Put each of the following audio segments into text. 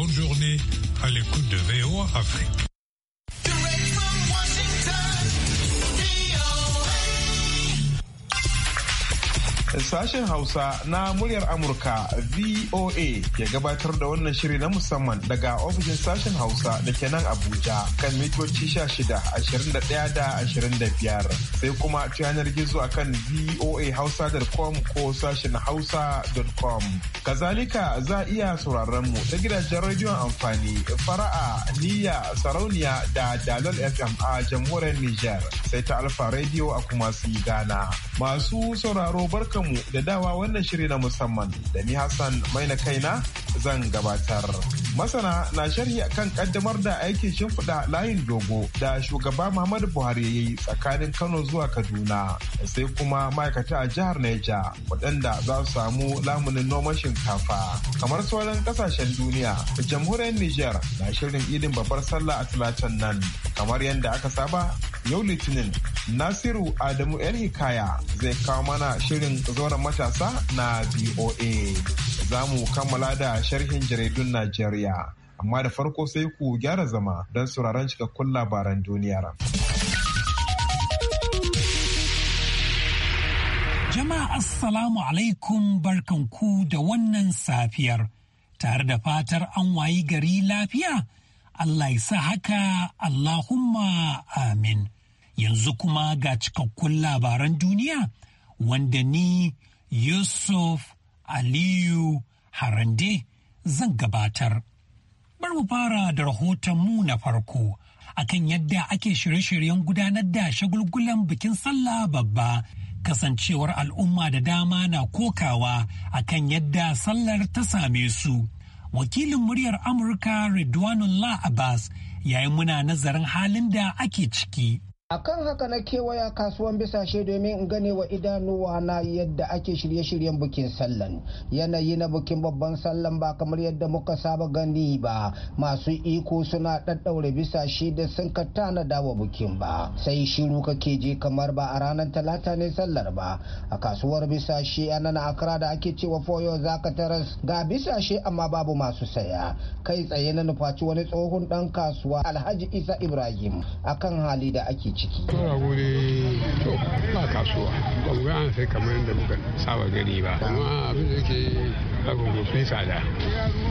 bonne journée à l'écoute de VO Afrique. sashen Hausa na muryar Amurka VOA ya gabatar da wannan shiri na musamman daga ofishin sashen Hausa da ke nan Abuja kan mitoci 16, da 25 sai kuma ta yanar gizo akan voahausa.com ko sashen hausa.com. Kazalika za a iya sauraron mu ta gidajen rediyon amfani fara'a niyya sarauniya da dalal FM a jamhuriyar Nijar sai ta alfa rediyo a kuma Ghana. Masu sauraro barkan mu da dawa wannan shiri na musamman da ni Hassan mai na kaina zan gabatar. Masana na sharhi kan kaddamar da aikin shimfiɗa layin dogo da shugaba Muhammadu Buhari ya yi tsakanin Kano zuwa Kaduna sai kuma ma'aikata a jihar Neja waɗanda za su samu lamunin noman shinkafa. Kamar sauran ƙasashen duniya, jamhuriyar Nijar na shirin idin babbar sallah a talatan nan kamar yadda aka saba yau litinin Nasiru Adamu El Hikaya zai kawo mana shirin zauren matasa na BOA. Za mu kammala da sharhin jaridun Najeriya. Amma da farko sai ku gyara zama don sauraron cikakkun labaran duniyar. Jama'a Assalamu alaikum barkanku da wannan safiyar. Tare da fatar an wayi gari lafiya, Allah ya sa haka Allahumma amin. yanzu kuma ga cikakkun labaran duniya wanda ni Yusuf Aliyu Harande zan gabatar. Bar mu fara da rahoton mu na farko akan yadda ake shirye-shiryen gudanar da shagulgulan bikin sallah babba kasancewar al'umma da dama na kokawa akan yadda sallar ta same su. Wakilin muryar Amurka Ridwanullah Abbas ya yi muna nazarin halin da ake ciki. akan haka na kewaya kasuwan bisashe domin in gane wa idanuwa na yadda ake shirye-shiryen bukin sallan yanayi na bukin babban sallan ba kamar yadda muka saba gani ba masu iko suna ɗaɗɗaure bisashe da sun ka tanada wa bukin ba sai shiru kake je kamar ba a ranar talata ne sallar ba a kasuwar bisashe a nan akra da ake cewa foyo za zaka taras ga bisashe amma babu masu saya kai tsaye na nufaci wani tsohon ɗan kasuwa alhaji isa ibrahim akan hali da ake ciki. Tora gure to ba kasuwa ba mu ga an sai kamar yadda muka saba gani ba amma abin da yake ko sun sada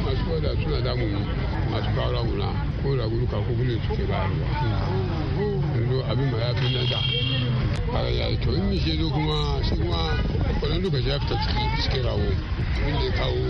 Masu wada suna damun masu kawo raguna ko da guru ka ko gudun suke ruwa Yanzu abin ma ya fi na da. Kara ya to in ni zo kuma shi kuma kwanan lokaci ya fita cikin rago. Abin da ya kawo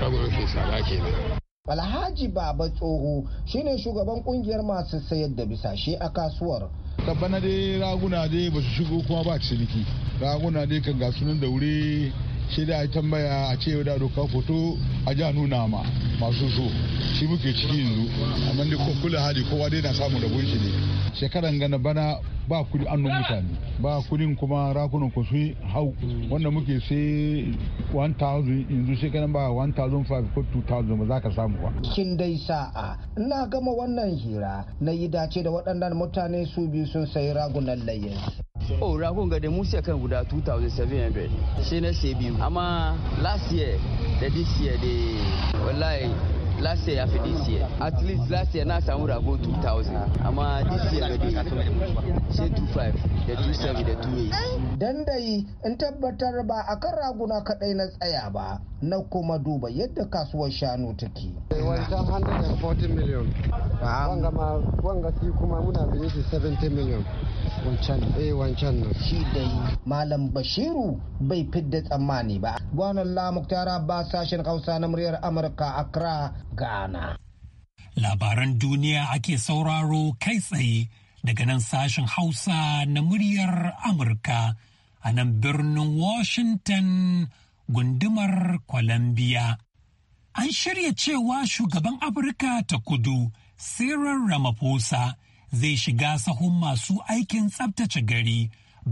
ragunan ke tsada kenan. Alhaji Baba Tsoho shine shugaban kungiyar masu sayar da bisashe a kasuwar tabbana dai raguna dai ba su shigo kuma ba ciniki raguna dai kan gasu nan da wuri sai da a tambaya a ce da doka foto a ja nuna ma masu so shi muke ciki yanzu amma da kula hali kowa dai na samu da shi ne shekaran gana bana ba kudi an mutane ba kudin kuma rakunan ku sun hau wanda muke sai 1000 yanzu shekaran ba 1500 ko 2000 ba za ka samu ba kin dai sa'a ina gama wannan hira na yi dace da waɗannan mutane su biyu sun sayi ragunan layin oh ragon ga da musa kan guda 2700 shi na sai biyu amma last year da this year da wallahi last year ya fi this year at least last year na samu rabo 2000 amma this year bai sai 25 da 27 da 28 dan dai in tabbatar ba a kan raguna kadai na tsaya ba na kuma duba yadda kasuwar shanu take wancan 140 million wanga ma wanga shi kuma muna bin shi 70 million wancan eh wancan ne shi dai malam bashiru bai fidda tsammani ba gwanan lamuk tara ba sashen hausa na muryar amurka accra Ghana. Labaran duniya ake sauraro kai tsaye daga nan sashen Hausa na muryar Amurka a nan birnin Washington gundumar Columbia. An shirya cewa shugaban Afirka ta kudu Cyril Ramaphosa zai shiga sahun masu aikin tsabtace gari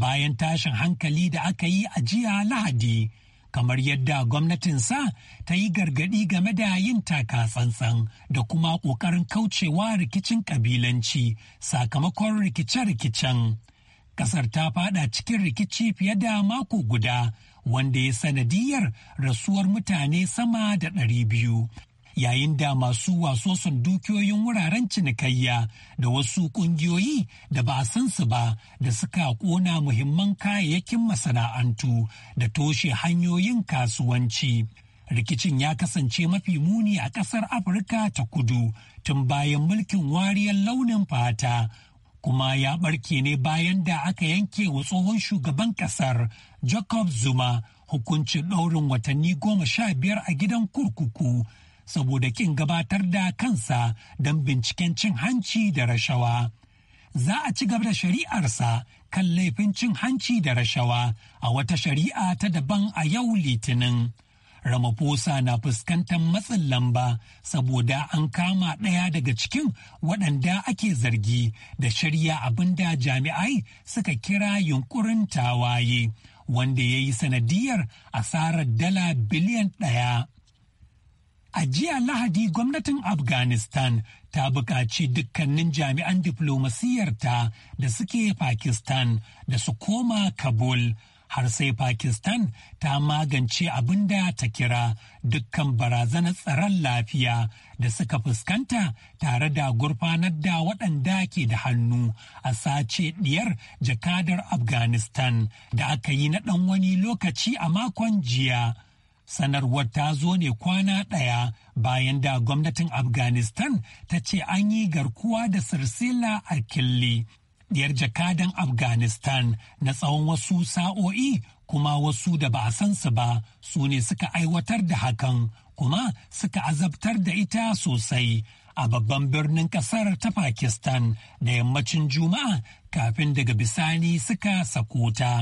bayan tashin hankali da aka yi a jiya Lahadi. kamar yadda gwamnatinsa ta yi gargadi game da yin taka tsantsan da kuma ƙoƙarin kaucewa rikicin ƙabilanci sakamakon rikice-rikicen. Ƙasar ta fada cikin rikici fiye da mako guda wanda ya sanadiyar rasuwar mutane sama da ɗari biyu yayin da masu sun dukiyoyin wuraren cinikayya da wasu kungiyoyi da ba a san su ba da suka kona muhimman kayayyakin masana'antu da toshe hanyoyin kasuwanci. Rikicin ya kasance mafi muni a ƙasar Afirka ta kudu tun bayan mulkin wariyar launin fata. kuma ya barke ne bayan da aka yanke wa tsohon shugaban ƙasar. jacob zuma hukuncin ɗaurin watanni goma sha biyar a gidan kurkuku saboda kin gabatar da kansa don binciken cin hanci da rashawa. Za a ci gaba da shari'arsa kan laifin cin hanci da rashawa a wata shari'a ta daban a yau litinin. Ramaphosa na fuskantar matsin lamba saboda an kama ɗaya daga cikin waɗanda ake zargi da shari'a abin da jami'ai suka kira yunkurin tawaye wanda ya yi sanadiyar asarar dala biliyan ɗaya. A jiya Lahadi gwamnatin Afghanistan ta buƙaci dukkanin jami'an diflomasiyarta da suke Pakistan da su koma Kabul. Har sai Pakistan ta magance abin da ta kira dukkan barazanar tsaron lafiya da suka fuskanta tare da gurfanar da waɗanda ke da hannu a sace ɗiyar jakadar Afghanistan da aka yi na ɗan wani lokaci a makon jiya. Sanarwar ta zo ne kwana ɗaya bayan da gwamnatin Afghanistan ta ce an yi garkuwa da Sirsila a killi. Diyar jakadan Afghanistan na tsawon wasu sa'o'i kuma wasu da ba a san su ba su ne suka aiwatar da hakan kuma suka azabtar da ita sosai. a babban birnin kasar ta Pakistan da yammacin Juma'a kafin daga bisani suka ta.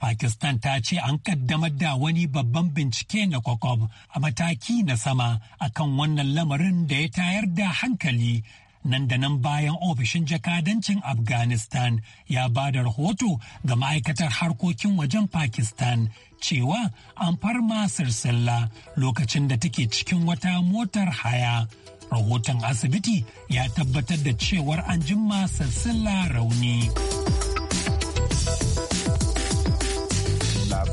Pakistan ta ce an kaddamar da wani babban bincike na kwakwab a mataki na sama akan wannan lamarin da ya tayar da hankali nan da nan bayan ofishin jakadancin Afghanistan ya ba da rahoto ga ma'aikatar harkokin wajen Pakistan cewa an farma sirsilla lokacin da take cikin wata motar haya. Rahoton asibiti ya tabbatar da cewar an jimma sirsilla rauni.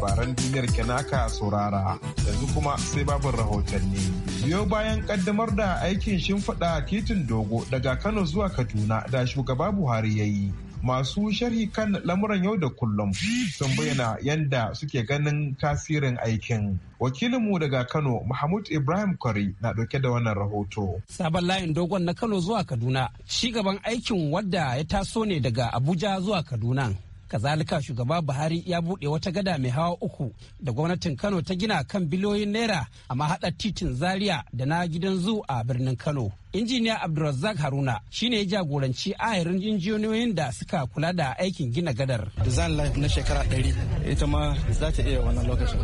labaran duniyar kenaka saurara yanzu kuma sai babin rahotanni biyo bayan kaddamar da aikin shimfiɗa titin dogo daga kano zuwa kaduna da shugaba buhari ya yi masu sharhi kan lamuran yau da kullum sun bayyana yadda suke ganin tasirin aikin wakilinmu daga kano mahmud ibrahim kwari na ɗauke da wannan rahoto sabon layin dogon na kano zuwa kaduna shi gaban aikin wadda ya taso ne daga abuja zuwa kaduna kazalika shugaba buhari ya buɗe wata gada mai hawa uku da gwamnatin kano ta gina kan biliyoyin naira a mahaɗa titin zaria da na gidan zu a birnin kano injiniya abdulrazak haruna shine ya jagoranci ahirin injiniyoyin da suka kula da aikin gina gadar design life na shekara 100 ita ma za ta iya wannan lokacin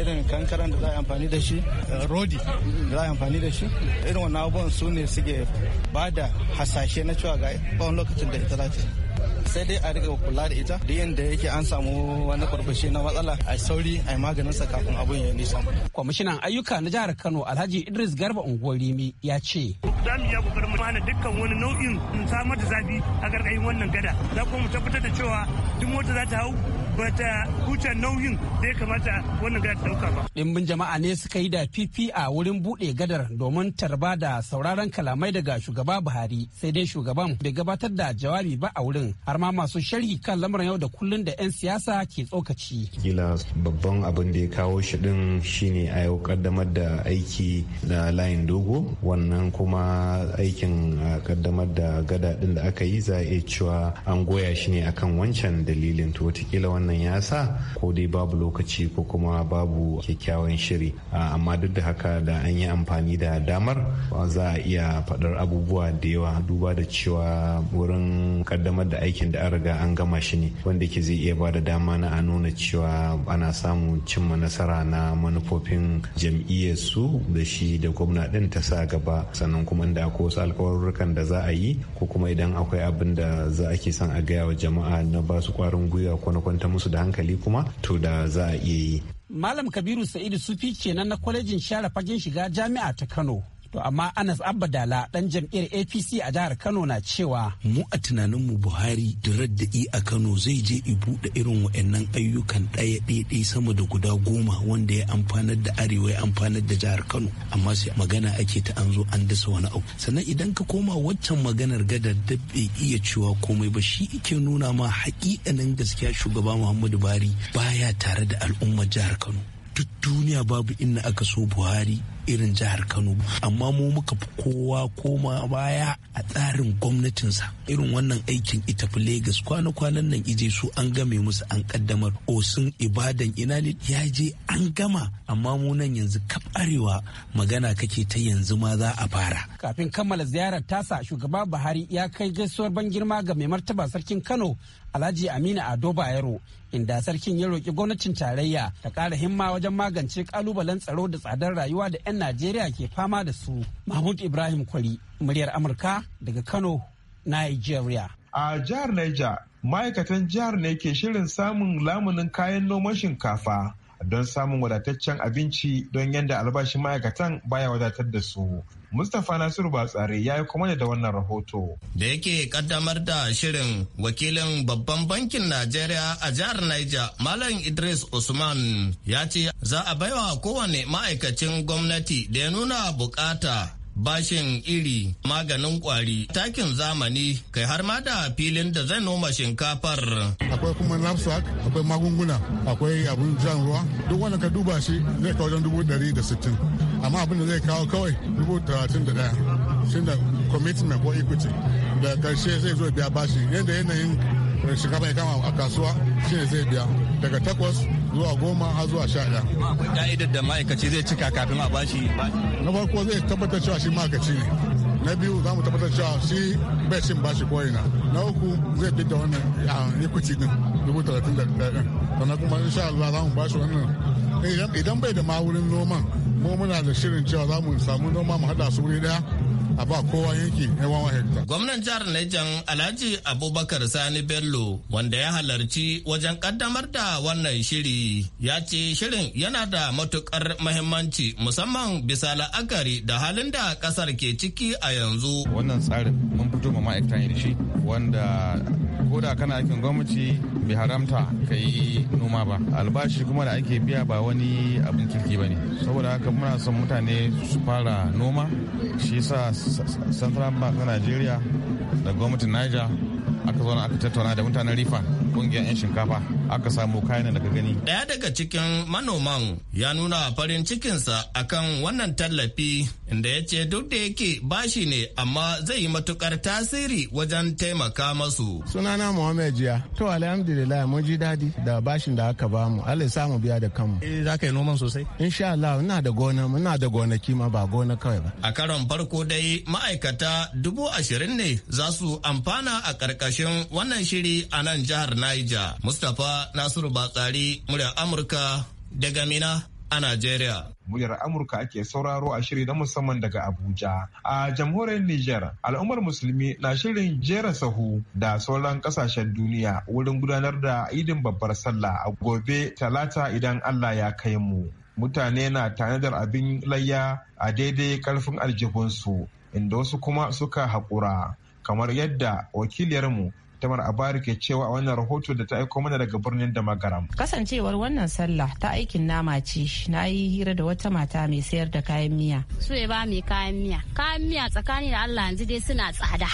irin kankaran da za a yi amfani da shi rodi da za a yi amfani da shi irin wannan abubuwan su ne suke ba da hasashe na cewa ga wani lokacin da ita za ta sai dai a riga kula da ita da yadda yake an samu wani kwarfashi na matsala a sauri a yi sa kafin abun ya nisa. kwamishinan ayyuka na jihar kano alhaji idris garba unguwarimi ya ce za mu iya kokarin mu hana dukkan wani nau'in samar da zafi a gargayin wannan gada za kuma mu tabbatar da cewa duk mota za ta hau ba ta nauyin da ya kamata wannan gada dauka ba. Dimbin jama'a ne suka yi da fifi a wurin buɗe gadar domin tarba da sauraron kalamai daga shugaba Buhari sai dai shugaban bai gabatar da jawabi ba a wurin har ma masu sharhi kan lamarin yau da kullun da 'yan siyasa ke tsokaci. Kila babban abin da ya kawo shi din shine a yau kaddamar da aiki da layin dogo wannan kuma aikin kaddamar da gada din da aka yi za a iya cewa an goya shi ne akan wancan dalilin to watakila wannan ya sa ko dai babu lokaci ko kuma babu kyakkyawan shiri amma duk da haka da an yi amfani da damar za a iya faɗar abubuwa da yawa duba da cewa wurin kaddamar da aikin da an riga an gama shi ne wanda ke zai iya ba da dama na a nuna cewa ana samun cimma nasara na manufofin jam'iyyar su da shi da gwamna ɗin ta sa gaba sannan kuma da akwai wasu alkawarurrukan da za a yi ko kuma idan akwai abin da za a ke son a gaya wa jama'a na ba su kwarin gwiwa ko na kwantar musu da hankali kuma to da za a iya yi malam kabiru sa'idu sufi kenan na kwalejin share fagen shiga jami'a ta kano To amma Anas Abba Dala ɗan jam'iyyar APC a jihar Kano na cewa. Mu a tunaninmu Buhari da i a Kano zai je i buɗe irin wa'annan ayyukan ɗaya ɗaya sama da guda goma wanda ya amfanar da Arewa ya amfanar da jihar Kano. Amma sai magana ake ta an zo an dasa wani abu. Sannan idan ka koma waccan maganar gadar da bai iya cewa komai ba shi ke nuna ma haƙiƙanin gaskiya shugaba Muhammadu Buhari baya tare da al'ummar jihar Kano. duk duniya babu inna aka so buhari irin jihar kano amma mu muka fi kowa koma baya a tsarin gwamnatinsa irin wannan aikin ita fi lagos kwana-kwanan nan ije su an game musu an kaddamar osun ibadan ina ne ya je an gama amma mu nan yanzu kaf arewa magana kake ta yanzu ma za a fara kafin kammala ziyarar tasa shugaba buhari ya kai gaisuwar ban girma ga mai martaba sarkin kano Alhaji Aminu Ado Bayero inda sarkin ya roƙi gwamnatin tarayya ta ƙara himma wajen magance ƙalubalen tsaro da tsadar rayuwa da 'yan Najeriya ke fama da su. Mahmud Ibrahim Kwari, muryar Amurka daga Kano, Nigeria. A jihar Niger, ma'aikatan jihar ne ke shirin samun lamunin kayan noman shinkafa don samun wadataccen abinci don yadda albashin ma'aikatan baya wadatar da su. Mustapha Nasiru Batsare ya yi kuma da wannan rahoto. Da yake kaddamar da shirin wakilin babban bankin Najeriya a jihar Niger, Malam Idris Usman ya ce za a baiwa kowane ma'aikacin gwamnati da ya nuna bukata bashin iri maganin kwari takin zamani kai har ma da filin da zai noma shinkafar akwai kuma napsak akwai magunguna akwai abin jan ruwa duk wanda ka duba shi zai kawo don dubu dari da sittin amma abin da zai kawo kawai dubu talatin da daya shin da commitment ko equity da karshe zai zo biya bashi yadda yanayin shinkafa ya kama a kasuwa shi ne zai biya daga takwas zuwa goma har zuwa sha ɗaya. Akwai ka'idar da ma'aikaci zai cika kafin a bashi. Na farko zai tabbatar cewa shi ma'aikaci ne. na biyu za mu tabbatar cewa shi bai cin bashi ko ina na uku zai fi da wannan equity din dubu talatin da ɗaya sannan kuma insha Allah za mu bashi wannan idan bai da ma wurin noman mu muna da shirin cewa za mu samu noma mu haɗa su wuri ɗaya a ba kowa yanki na wawan hekta. Gwamnan jihar Nijan Alhaji Abubakar Sani Bello wanda ya halarci wajen kaddamar da wannan shiri ya ce shirin yana da matukar mahimmanci musamman bisa la'akari da halin da kasar ke ciki a yanzu. Wannan tsarin mun fito ma ma'aikatan shi wanda ko da kana aikin gwamnati bai haramta ka yi noma ba albashi kuma da ake biya ba wani abin kirki ba ne saboda haka muna son mutane su fara noma shi sa central bank na nigeria da gwamnatin niger aka zauna aka tattauna da mutanen rifan kungiyar 'yan shinkafa aka samu kayan da ka gani. Daya daga cikin manoman ya nuna farin cikinsa akan wannan tallafi inda ya ce duk da yake bashi ne amma zai yi matukar tasiri wajen taimaka masu. Sunana Muhammad Jiya. To alhamdulillah mun ji daɗi da bashin da aka bamu. Allah ya samu biya da kanmu. Eh za ka yi noman sosai? Insha Allah ina da gona ina da gonaki ma ba gona kawai ba. A karon farko dai ma'aikata dubu ashirin ne za su amfana a ƙarƙashin wannan shiri a nan jihar Niger. Mustapha Nasiru Batsari muryar Amurka daga Mina a Najeriya. muryar Amurka ake sauraro a shiri na musamman daga Abuja. A jamhuriyar Nijar, al'ummar musulmi na shirin jera sahu da sauran kasashen duniya wurin gudanar da idin babbar sallah a gobe talata idan Allah ya kai mu. Mutane na tanadar abin layya a daidai karfin aljihunsu, inda wasu kuma suka haƙura, kamar yadda wakiliyarmu Tamar Abari ke cewa a wannan rahoto da ta aiko mana daga birnin da magaram. Kasancewar wannan sallah ta aikin nama ce na yi hira da wata mata mai sayar da kayan miya. Su ba mai kayan miya. Kayan miya tsakani da Allah yanzu dai suna tsada.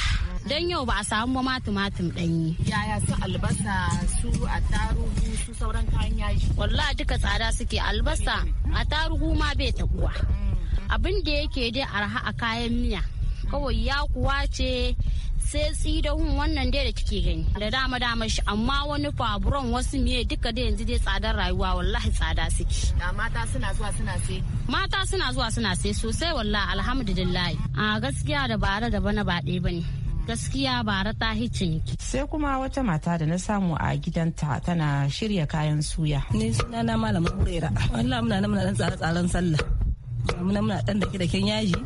don yau ba a samu ma tumatum ɗanyi. Yaya su albasa su attarugu su sauran kayan yaji. Wallahi duka tsada suke albasa attarugu ma bai kuwa mm. Abin da yake dai arha a kayan miya. Kawai ya kuwa ce sai hun wannan dai da kike gani da dama dama shi amma wani faburon wasu miye duka da yanzu dai tsadar rayuwa wallahi tsada suke mata suna zuwa suna sai mata suna zuwa suna sai sosai wallahi alhamdulillah a gaskiya da bara da bana ba ɗaya bane gaskiya bara ta ciniki. Sai kuma wata mata da na samu a gidanta tana shirya kayan suya. Ni sunana Malamin Hurera. Wallahi muna nan muna dan tsare-tsaren sallah. muna muna dan da da daken yaji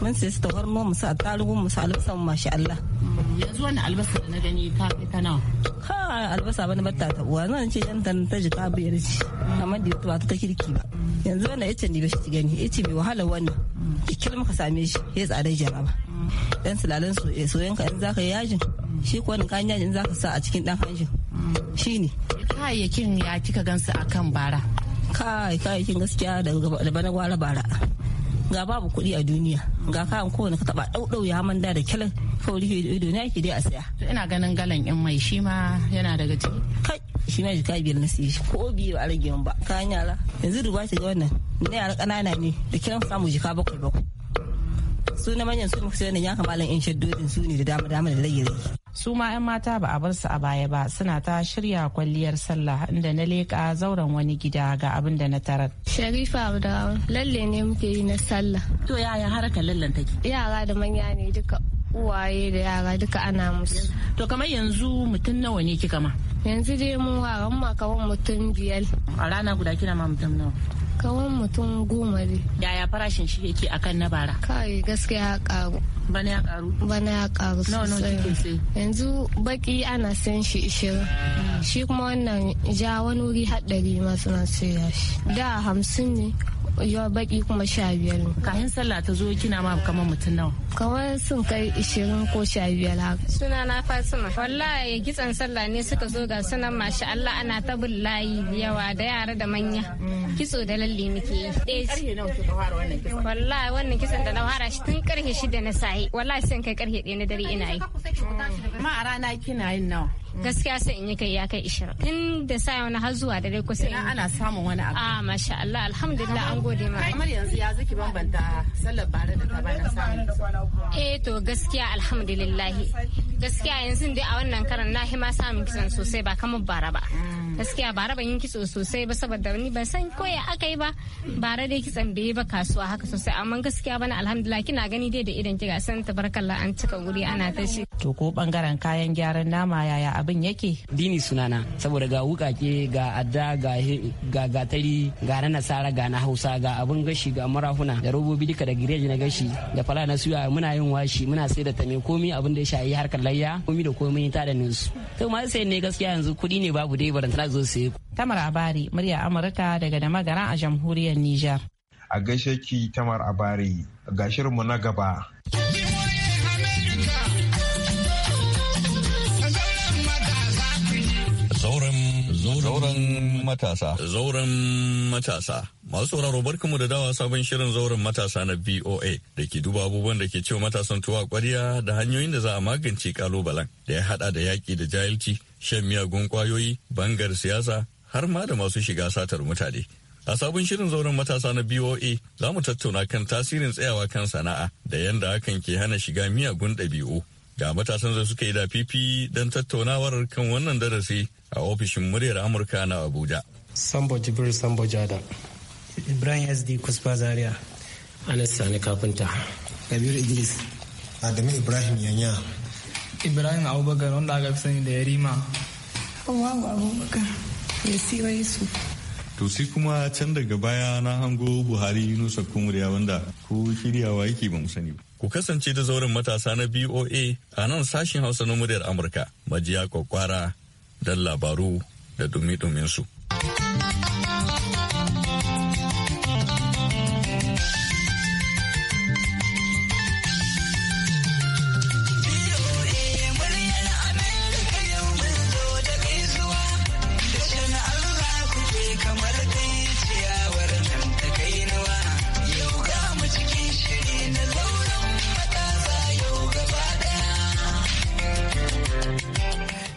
mun sai su tawar mu musu attarugu musu albasa mu mashi Allah mm, yanzu wani albasa da na gani ta kai ta nawa ha albasa bane batta ta uwa zan ce yan tan ta jika biyar ci amma da ba ta kirki ba yanzu wannan yace ni ba shi gani yace bai wahala wannan mm. kikil muka same shi ya tsada jaraba mm. dan sulalen eh, soyayyen ka in zaka yajin shi ko wani kan yajin zaka sa a cikin dan hanjin shine kayayyakin ya kika gansu akan bara kai kayayyakin gaskiya da bana gwara bara ga babu kuɗi a duniya ga kayan kowane ka taba ɗauɗau ya manda da kyalan kawai ke ido na yake dai a saya. ina ganin galan in mai shi ma yana daga ciki. kai shi ma jika biyar na siye ko biyu a rage ba kayan yara yanzu duba ta ga wannan na yara ƙanana ne da kiran samu jika bakwai bakwai su na manyan su ne ya kamalan in shaddodin su ne da dama dama da rage rage. su ma 'yan mata ba a bar su a baya ba suna ta shirya kwalliyar sallah inda na leƙa zauren wani gida ga abin da na tarar. Sharifa da lalle ne muke yi na sallah. To yaya haraka lallen take? Yara da manya ne duka uwaye da yara duka ana musu. To kamar yanzu mutum nawa ne kika ma? Yanzu dai mun ma makawan mutum biyar. A rana guda kina ma mutum nawa? kawan mutum goma ne yaya farashin shi yake akan na bara kai gaskiya ya karu bana ya karu bana ya karu sosai yanzu baki ana san shi ishirin hmm. shi kuma wannan ja wani wuri haɗari masu masu ya shi da hamsin ne ya baki kuma sha biyar ne kafin sallah ta zo kina ma kamar mutum nawa kamar sun kai ishirin ko sha biyar haka suna na fatima wallahi kitsan sallah ne suka zo ga sunan masha Allah ana ta bin layi yawa da yara da manya kitso da lalle muke yi eh, wallahi wannan kitson da na fara shi tun karfe shida na sa'i wallahi sun kai karfe ɗaya na dare ina yi ma a rana kina yin nawa gaskiya sai in yi kai ya kai ishirin tun da sa wani har zuwa da dai kusa. Ina ana samun wani abu a ah, masha Allah alhamdulillah an gode ma kamar yanzu ya zaki bambanta sallar bare da ta bana samun eh to gaskiya alhamdulillah gaskiya yanzu dai a wannan karan na hima samun kisan sosai ba kamar bara ba mm. gaskiya bara ban yi kitso sosai ba saboda ni ban san ko ya aka yi ba bara dai kitson bai ba kasuwa haka sosai amma gaskiya bana alhamdulillah kina gani dai da idan kiga san barkalla an cika wuri ana ta shi to ko bangaren kayan gyaran nama yaya abin yake dini sunana saboda ga wukake ga adda ga ga gatari ga na nasara ga na hausa ga abun gashi ga marahuna da robobi duka da gireji na gashi da fala na suya muna yin washi muna sai da tame komi abin da ya shayi harkar layya komi da komi ta da nusu to ma sai ne gaskiya yanzu kuɗi ne babu dai barantana za zo saye ku. Tamar Abari, murya Amurka daga da magana a jamhuriyar Nijar. A gaishe ki Tamar Abari, ga shirinmu na gaba. Zauren matasa. Zauren matasa. Masu sauraro mu da dawa sabon shirin zauren matasa na boa da ke duba abubuwan da ke cewa matasan tuwa kwariya da hanyoyin da za a magance kalubalen da ya haɗa da yaƙi da jahilci, shan miyagun kwayoyi, bangar siyasa, har ma da masu shiga satar mutane. A sabon shirin zauren matasa na BOA za mu tattauna kan tasirin tsayawa kan sana'a da yadda hakan ke hana shiga miyagun ɗabi'u Ga matasan da suka yi da fifi don tattaunawar kan wannan darasi a ofishin muryar Amurka na Abuja. Sambo Jibril Sambo Jada. Ibrahim SD kusba Zaria. Anas Sani Kafinta. Kabiru Idris. Adamu Ibrahim Yanya. Ibrahim Abubakar wanda aka fi sani da Yarima. Wawu Abubakar. Yasiwa Yusuf. to sai kuma can daga baya na hango buhari yunusa kumuriya wanda ko shiryawa yake ba mu sani ba Ku kasance da zauren matasa na BOA a nan sashen Hausa na muryar Amurka, majiya kwakwara, don labaru da dumi-duminsu.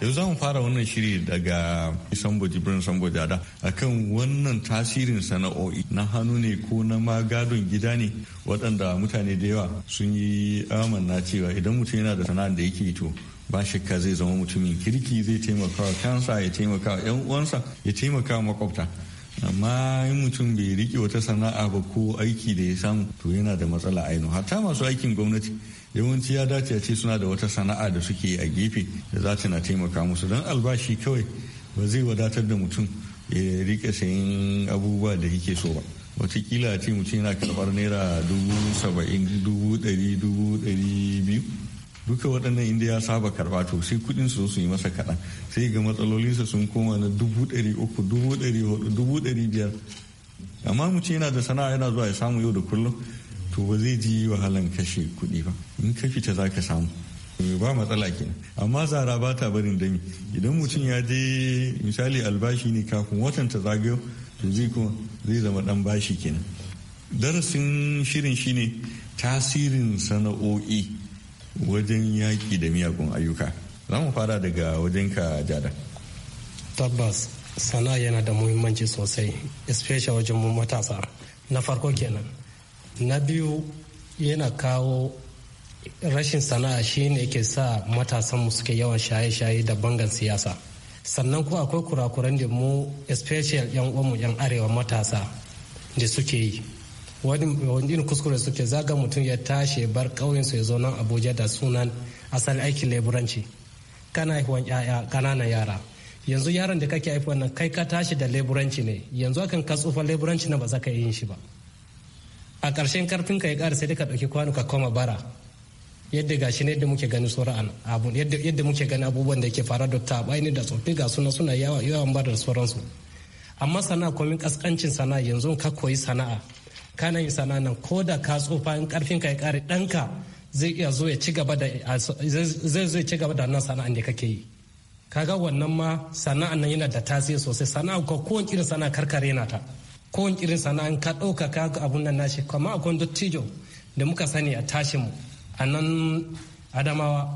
yau za mu fara wannan shiri daga birnin jibrin da da akan wannan tasirin sana'o'i na hannu ne ko na magadon gida ne waɗanda mutane da yawa sun yi amanna cewa idan mutum yana da sana'ar da yake to ba shakka zai zama mutumin kirki zai taimaka wa kansa ya taimaka wa 'yan uwansa ya taimaka wa makwabta amma in mutum bai rike wata sana'a ba ko aiki da ya samu to yana da matsala ainihin hatta masu aikin gwamnati yawanci ya dace a ce suna da wata sana'a da suke a gefe da za ta na taimaka musu don albashi kawai ba zai wadatar da mutum ya rika sayan abubuwa da yake so ba watakila ce mutum yana karbar naira dubu saba'in dubu dari dubu dari biyu duka waɗannan inda ya saba karɓa to sai kuɗin su su yi masa kaɗan sai ga matsalolinsa sun koma na dubu dari uku dubu dari hudu dubu dari biyar amma mutum yana da sana'a yana zuwa ya samu yau da kullum to ba zai ji wahalan kashe kuɗi ba in ka fita za ka samu ba matsala kenan amma zara ba ta barin dami idan mutum ya je misali albashi ne kafin watan ta zagayo to zai kuma zai zama dan bashi kenan darasin shirin shine tasirin sana'o'i wajen yaƙi da miyagun ayyuka za mu fara daga wajen ka jada tabbas sana'a yana da muhimmanci sosai especially wajen matasa na farko kenan na biyu yana kawo rashin sana'a shine ke sa matasanmu suke yawan shaye-shaye da bangan siyasa sannan ko akwai kurakuran da mu especially yan uwanmu yan arewa matasa da suke yi wani irin kuskure suke zaga mutum ya tashi bar su ya zo nan abuja da sunan asalin aikin leburanci kana haihuwan yaya kananan yara yanzu yaran da kake haifuwan nan kai ka tashi da leburanci ne yanzu akan ka tsufa leburanci na ba za ka yi shi ba a ƙarshen karfin ka ya ƙara sai ka ɗauki kwano ka koma bara yadda gashi ne yadda muke gani sauran abu yadda muke gani abubuwan da ke fara da tabaini ne da tsofi ga suna suna yawan ba da sauransu amma sana'a komin kaskancin sana'a yanzu ka koyi sana'a kana yin sana'a nan ko da ka tsofa in karfin ka ya ƙare ɗanka zai iya zo ya ci gaba da zai zo ya ci gaba da nan sana'an da kake yi kaga wannan ma sana'an nan yana da tasiri sosai sana'a ko kowane irin sana'a karkare na ta ko irin sana'an ka ɗauka ka abun nan nashi kuma akwai dottijo da muka sani a tashin mu a nan adamawa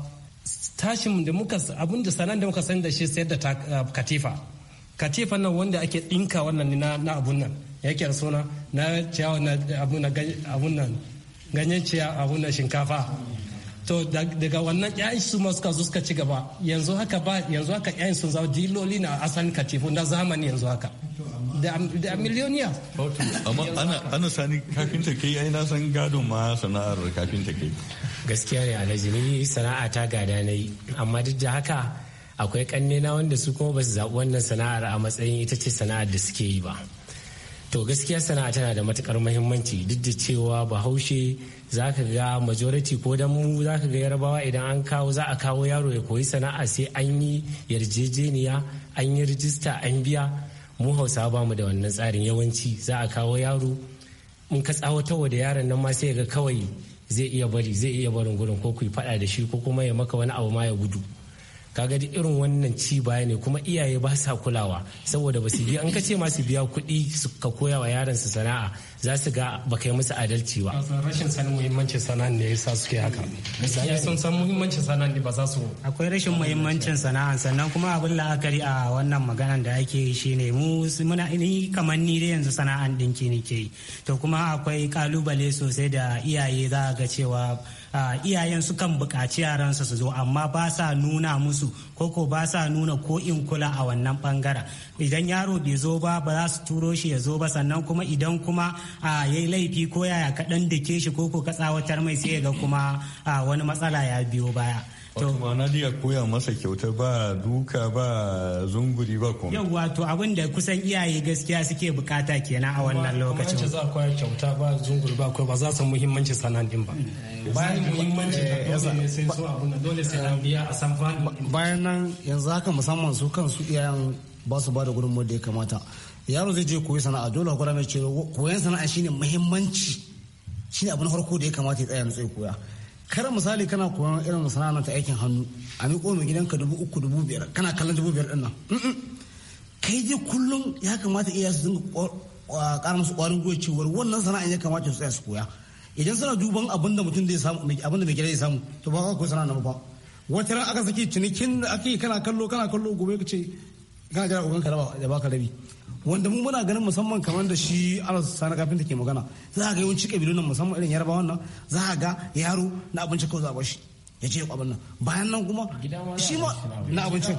tashin da muka abun da sanan da muka sani da shi sayar da ah, katifa katifa nan wanda ake ɗinka wannan na na abun nan yake da suna na ciyawa na abun nan ganyen ciya abun nan shinkafa to daga wannan yayin su ma suka zo suka ci gaba yanzu haka ba yanzu haka yayin sun zama diloli na asalin katifu na zamani yanzu haka da miliyoniya. amma ana sani kafinta kai na san gadon ma sana'ar kafinta kai. gaskiya ne alhaji ni sana'a ta gada na yi amma duk da haka akwai kanne na wanda su kuma ba su zaɓi wannan sana'ar a matsayin ita ce sana'ar da suke yi ba to gaskiya sana'a tana da matukar muhimmanci duk da cewa bahaushe za ka ga majority ko dan mu za ka ga yarabawa idan an kawo za a kawo yaro ya koyi sana'a sai an yi yarjejeniya an yi rijista an biya mu hausawa ba mu da wannan tsarin yawanci za a kawo yaro in ka tsawatarwa da yaron nan ma sai ga kawai zai iya bari zai iya barin gurin ko ku fada da shi ko kuma ya maka wani abu ma ya gudu kaga duk irin wannan ci baya ne kuma iyaye ba sa kulawa saboda ba su biya an kace ma su biya kuɗi ka koya wa yaron su sana'a za su ga ba kai musu adalci ba rashin sanin muhimmancin sana'a ne yasa suke haka gaskiya sun san muhimmancin sana'a ne ba za su akwai rashin muhimmancin sana'a sannan kuma abin la'akari a wannan maganan da ake yi shine mu muna ni kamar ni da yanzu sana'an dinki ne ke to kuma akwai kalubale sosai da iyaye za ga cewa iyayen sukan buƙaci yaransa su zo amma ba sa nuna musu koko ba sa nuna ko in kula a wannan bangaren idan yaro bai zo ba ba za su turo shi ya zo ba sannan kuma idan kuma ya yi laifi ko yaya kaɗan dake shi koko ka tsawatar mai sai ga kuma wani matsala ya biyo baya. wato ma'ana dai a koya masa kyauta ba duka ba zunguri ba kuma yau wato abin da kusan iyaye gaskiya suke bukata kenan a wannan lokacin ba za a koya kyauta ba zunguri ba kuma ba za su muhimmanci sana'an din ba hmm. bayan muhimmanci eh, sai so dole sai an biya a san bayan nan yanzu haka musamman su kansu iyayen ba su ba da gudunmuwar da ya kamata yaro zai je koyi sana'a dole a gwada mai cewa koyon sana'a shine muhimmanci shine abin farko da ya kamata ya tsaya na tsaye koya kar misali kana koyon irin masana'anta aikin hannu a miƙo mai gidanka dubu uku dubu biyar kana kallon dubu biyar ɗin kai je kullum ya kamata iya su dinga ƙara musu ƙwarin gwiwa cewar wannan sana'a ya kamata su tsaya su koya idan suna duban abin da mutum zai samu abin da mai gida zai samu to ba ka koyi sana'a na ba wata ran aka saki cinikin da ake kana kallo kana kallo gobe ka ce kana jira ubanka da baka rabi wanda mu muna ganin musamman kamar da shi alas sani kafin ke magana za ga yawanci kabilu nan musamman irin yarba wannan za ga yaro na abinci kawai zaɓa shi ya ce ya nan bayan nan kuma shi ma na abincin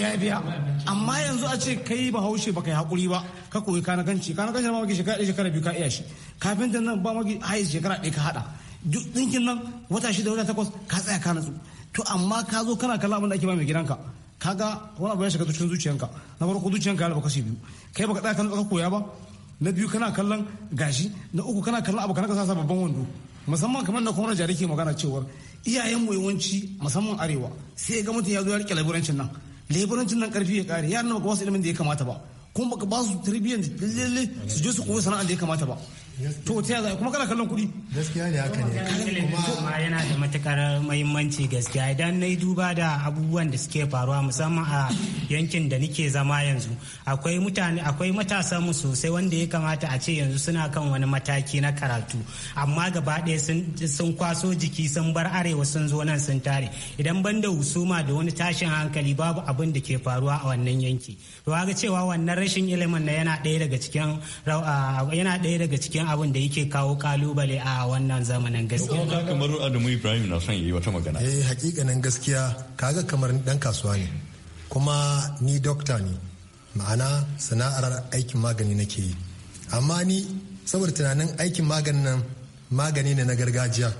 ya biya amma yanzu a ce kai ba haushe ba kai hakuri ba ka koyi kana ganci kana ganci ma shekara ɗaya shekara biyu ka iya shi kafin da nan ba maki hayes shekara ɗaya ka haɗa duk ɗinkin nan wata shida wata takwas ka tsaya ka natsu to amma ka zo kana kallon abin da ake ba mai gidanka kaga wani abu ya shiga cikin zuciyanka na farko zuciyanka ya raba kashi biyu kai baka tsaya kan tsaka koya ba na biyu kana kallon gashi na uku kana kallon abu kana ka sa babban wando musamman kamar na kuma jari ke magana cewar iyayen mu yawanci musamman arewa sai ga mutum ya zo ya rike laburancin nan laburancin nan karfi ya kare yaran nan ba su ilimin da ya kamata ba kuma baka ba su tarbiyyar lalle su je su koyi sana'ar da ya kamata ba to ta yaya kuma kana kallon kuɗi gaskiya ne haka ne kuma yana da matukar muhimmanci gaskiya idan na yi duba da abubuwan da suke faruwa musamman a yankin da nike zama yanzu akwai mutane akwai matasa mu sosai wanda ya kamata a ce yanzu suna kan wani mataki na karatu amma gaba ɗaya sun kwaso jiki sun bar arewa sun zo nan sun tare idan ban da husuma da wani tashin hankali babu abin da ke faruwa a wannan yanki to ga cewa wannan rashin ilimin na yana ɗaya daga cikin yana ɗaya daga cikin cikin abin da yake kawo kalubale a wannan zamanin gaskiya kuma kamar Adamu Ibrahim na son yi wata magana eh hakikanin gaskiya kaga kamar dan kasuwa ne kuma ni dokta ne ma'ana sana'ar aikin magani nake yi amma ni saboda tunanin aikin maganin nan magani ne na gargajiya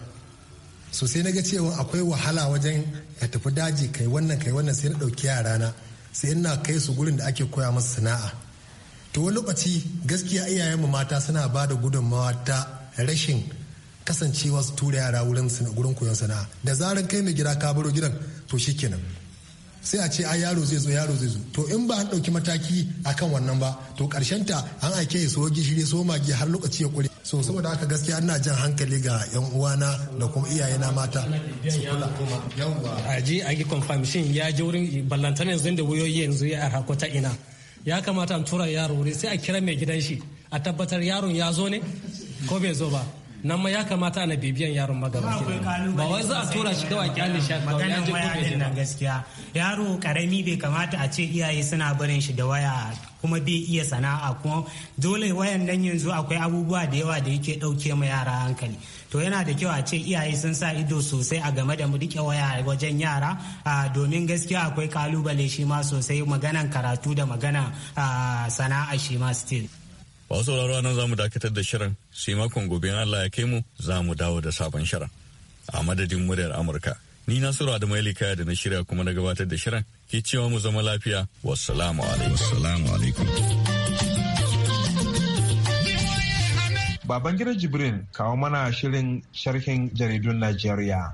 so sai na ga cewa akwai wahala wajen ya tafi daji kai wannan kai wannan sai na dauki yara na. sai ina kai su gurin da ake koya masa sana'a to wani lokaci gaskiya mu mata suna ba da gudunmawa ta rashin kasancewa su tura yara wurin gurin koyon sana'a da zarar kai mai gida ka baro gidan to shikenan sai a ce a yaro zai zo yaro zai zo to in ba an ɗauki mataki akan wannan ba to karshen ta an aike ya so gishiri so magi har lokaci ya kure so saboda haka gaskiya ina jan hankali ga yan uwana da kuma iyayena mata su kula a ji a yi confirm ya ji wurin ballantana yanzu da wayoyi yanzu ya arha ta ina ya kamata an tura yaro wuri sai a kira mai gidan shi a tabbatar yaron ya zo ne ko bai zo ba nan ma ya kamata ana bibiyan yaron magaba ba wai za a tura shi kawai kyale shi kawai ya ji nan gaskiya yaro karami bai kamata a ce iyaye suna barin shi da waya kuma bai iya sana'a kuma dole wayan nan yanzu akwai abubuwa da yawa da yake dauke ma yara hankali to yana da kyau a ce iyaye sun sa ido sosai a game da rike waya wajen yara domin gaskiya akwai kalubale shi ma sosai maganan karatu da magana sana'a shi ma still Ba sauraro nan za mu dakatar da shirin sai makon gobe in Allah ya kai mu za mu dawo da sabon shirin. A madadin muryar Amurka. Ni na Nasiru Adamu Elika da na shirya kuma na gabatar da shirin ke cewa mu zama lafiya. Wassalamu alaikum. Wassalamu alaikum. Babangida Jibrin kawo mana shirin sharhin jaridun Najeriya.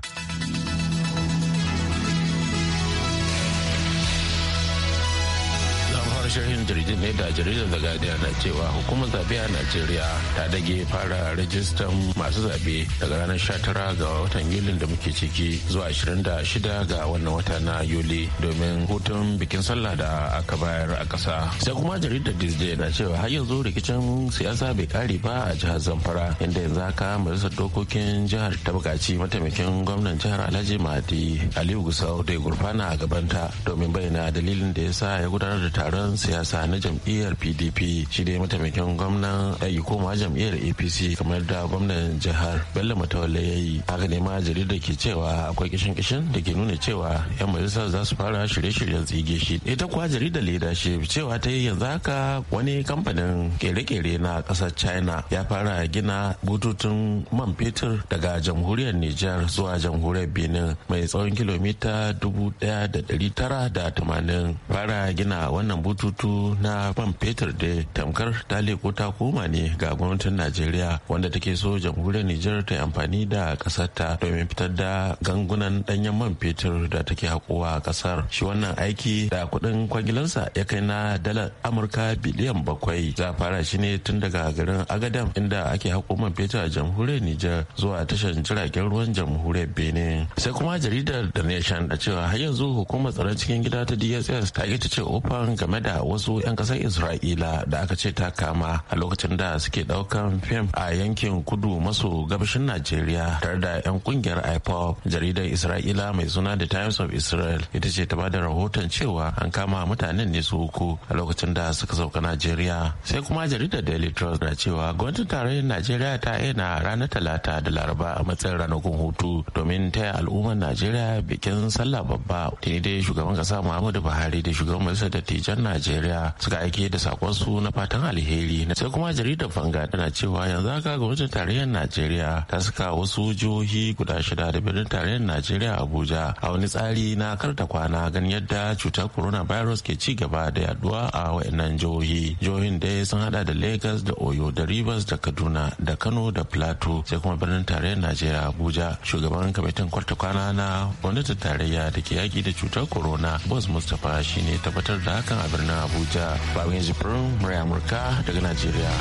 shirin jaridar ne da jaridar da Guardian na cewa hukumar zabe a Najeriya ta dage fara rajistan masu zaɓe daga ranar 19 ga watan yuli da muke ciki zuwa 26 ga wannan wata na Yuli domin hutun bikin sallah da aka bayar a kasa. Sai kuma jaridar Disney na cewa har yanzu rikicin siyasa bai kare ba a jihar Zamfara inda yanzu haka majalisar dokokin jihar ta bukaci mataimakin gwamnan jihar Alhaji Mahdi Aliyu Gusau da gurfana a gabanta domin bayyana dalilin da ya sa ya gudanar da taron siyasa na jam'iyyar pdp shi dai mataimakin gwamnan eh, ko koma jam'iyyar apc kamar da gwamnan jihar bello matawalle ya yi haka ne ma jaridar ke cewa akwai kishin kishin da ke nuna cewa yan majalisa za su fara shirye-shiryen tsige shi ita kuwa jaridar leadership cewa ta yi yanzu haka wani kamfanin kere-kere na kasar china ya fara gina bututun man fetur daga jamhuriyar Nijar zuwa jamhuriyar benin mai tsawon kilomita da tamanin. fara gina wannan butu bututu na man fetur da tamkar ta leko ta koma ne ga gwamnatin najeriya wanda take so jamhuriyar nijar ta yi amfani da kasar ta domin fitar da gangunan danyen man fetur da take hakowa a kasar shi wannan aiki da kuɗin kwangilansa ya kai na dalar amurka biliyan bakwai za fara shi ne tun daga garin agadam inda ake hako man fetur a jamhuriyar nijar zuwa tashar jiragen ruwan jamhuriyar benin sai kuma jaridar da nation da cewa har yanzu hukumar tsaron cikin gida ta dss ta ta ce ofan game da wasu 'yan kasar isra'ila da aka ce ta kama a lokacin da suke daukan fim a yankin kudu maso gabashin najeriya tare da 'yan kungiyar ipop jaridar isra'ila mai suna the times of israel ita ce ta ba da rahoton cewa an kama mutanen ne su uku a lokacin da suka sauka najeriya sai kuma jaridar daily trust na cewa gwamnatin tarayyar najeriya ta aina ranar talata da laraba a matsayin ranakun hutu domin taya al'ummar najeriya bikin sallah babba tini dai shugaban kasa muhammadu buhari da shugaban majalisar dattijan najeriya najeriya suka aike da sakon su na fatan alheri sai kuma jaridar fanga tana cewa yanzu haka gwamnatin tarayyar najeriya ta saka wasu jihohi guda shida da birnin tarayyar najeriya abuja a wani tsari na karta kwana ganin yadda cutar corona virus ke ci gaba da yaduwa a wayannan jihohi jihohin dai sun hada da lagos da oyo da rivers da kaduna da kano da plateau sai kuma birnin tarayyar najeriya abuja shugaban kamitin kwarta kwana na gwamnatin tarayya da ke yaki da cutar corona boss mustapha shine tabbatar da hakan a birnin abuja babin jibrin Ray amurka daga najeriya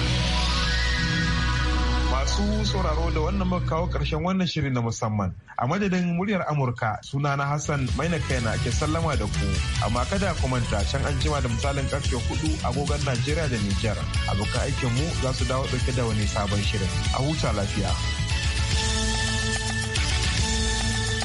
masu sauraro da wannan muka kawo karshen wannan shirin na musamman a madadin muryar amurka suna na hassan maina kaina ke sallama da ku amma kada ku manta can an jima da misalin karfe hudu agogon najeriya da nijar abokan aikin mu za su dawo dauke da wani sabon shirin a huta lafiya